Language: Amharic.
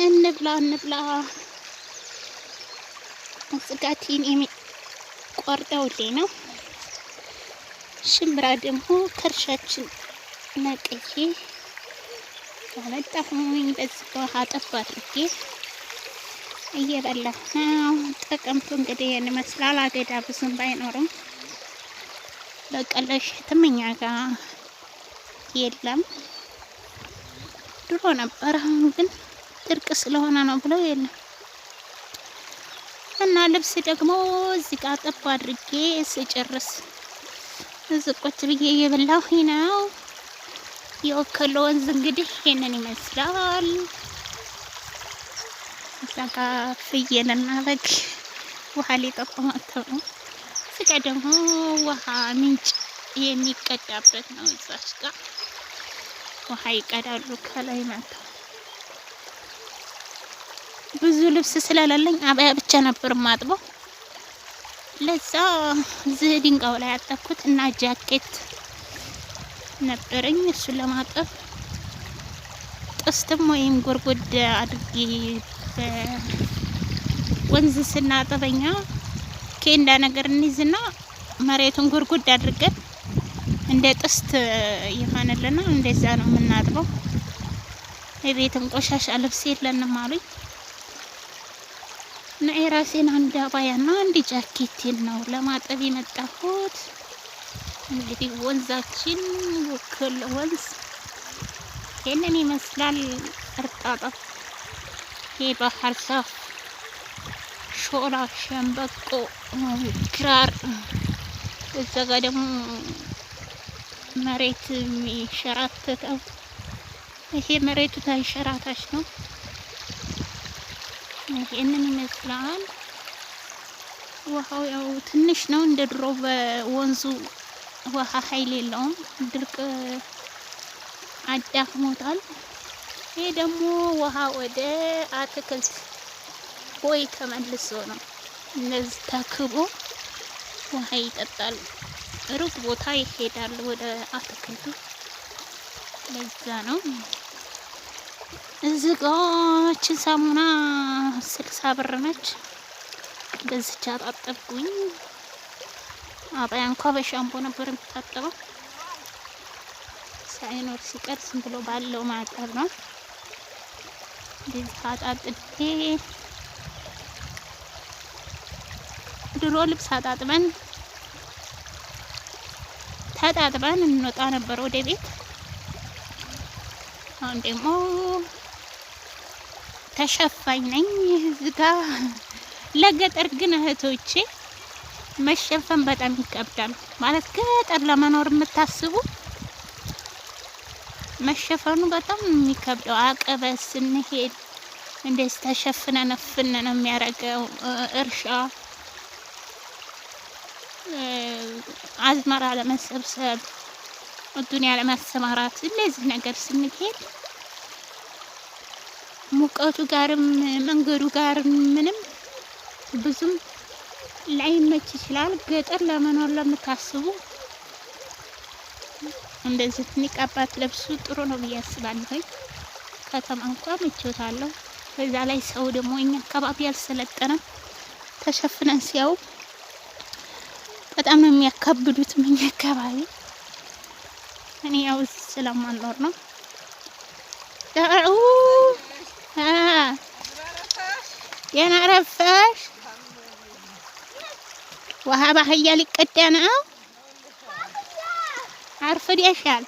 እንብላ እንብላ። ስጋቴን የሚቆርጠውልኝ ነው። ሽምብራ ደግሞ ከእርሻችን ነቅዬ ያመጣሁኝ በዚህ ውሃ ጠብ አድርጌ እየበላሁ ነው። ጥቅምቱ እንግዲህ ይህን ይመስላል። አገዳ ብዙም ባይኖርም በቀለሽ ትምኛ ጋር የለም። ድሮ ነበር፣ አሁን ግን ድርቅ ስለሆነ ነው ብለው የለም እና ልብስ ደግሞ እዚህ ጋር ጠብ አድርጌ ስጨርስ እዚህ ቁጭ ብዬ እየበላሁ ነው። የወከሎ ወንዝ እንግዲህ ይሄንን ይመስላል። እዛ ጋ ፍየልና በግ ውሃ ሊጠጡ ነው። እዚህ ጋ ደግሞ ውሃ ምንጭ የሚቀዳበት ነው። እዛች ጋ ውሃ ይቀዳሉ ከላይ መጥተው ብዙ ልብስ ስለሌለኝ አባያ ብቻ ነበር ማጥበው። ለዛ እዚህ ድንጋው ላይ ያጠብኩት እና ጃኬት ነበረኝ እሱን ለማጠብ ጥስትም ወይም ጎርጎድ አድርጌ ወንዝ ስናጠበኛ ኬንዳ ነገር እንይዝና መሬቱን ጎርጎድ አድርገን እንደ ጥስት ይሆንልና እንደዛ ነው የምናጥበው። የቤትም ቆሻሻ ልብስ የለንም አሉኝ። እና የራሴን አንድ አባያና አንድ ጃኬቴን ነው ለማጠብ የመጣሁት። እንግዲህ ወንዛችን ወክል ወንዝ ይህንን ይመስላል። እርጣጣ የባህር ዛፍ፣ ሾላ፣ ሸንበቆ፣ ግራር እዛ ጋ ደግሞ መሬት የሚሸራተተው ይሄ መሬቱ ተንሸራታች ነው። ይሄንን ይመስላል። ውሃው ያው ትንሽ ነው፣ እንደ ድሮ በወንዙ ውሃ ኃይል የለውም። ድርቅ አዳክሞታል። ይሄ ደግሞ ውሃ ወደ አትክልት ቦይ ተመልሶ ነው እነዚህ ተክቦ ውሃ ይጠጣል። ሩቅ ቦታ ይሄዳል ወደ አትክልቱ ለዛ ነው። እዚህ ጋችን ሳሙና ስልሳ ብር ነች። ገዝቻ አጣጠብኩኝ። አባያ እንኳ በሻምፖ ነበር የምታጠበው ሳይኖር ሲቀር ዝም ብሎ ባለው ማጠብ ነው። እንደዚህ አጣጥቤ ድሮ ልብስ አጣጥበን ተጣጥበን እንወጣ ነበር ወደ ቤት አሁን ደግሞ ተሸፋኝ ነኝ። እዚህ ለገጠር ግን እህቶቼ መሸፈን በጣም ይከብዳል። ማለት ገጠር ለመኖር የምታስቡ መሸፈኑ በጣም የሚከብደው አቀበስ ስንሄድ እንደዚህ ተሸፍነ ነፍነ ነው የሚያደርገው። እርሻ አዝመራ ለመሰብሰብ ዱንያ ለማሰማራት እንደዚህ ነገር ስንሄድ ሙቀቱ ጋርም መንገዱ ጋር ምንም ብዙም ላይመች ይችላል። ገጠር ለመኖር ለምታስቡ እንደዚህ ኒቃባት ለብሱ ጥሩ ነው ብዬ አስባለሁኝ። ከተማ እንኳ ምቾት አለው። በዛ ላይ ሰው ደግሞ እኛ አካባቢ አልሰለጠነም ተሸፍነን ሲያው በጣም ነው የሚያካብዱት። እኛ አካባቢ እኔ ያው ስለማልኖር ነው። ደው ገና ረፈሽ ውሃ ባህያ ሊቀዳ ነው። አርፍደሻል።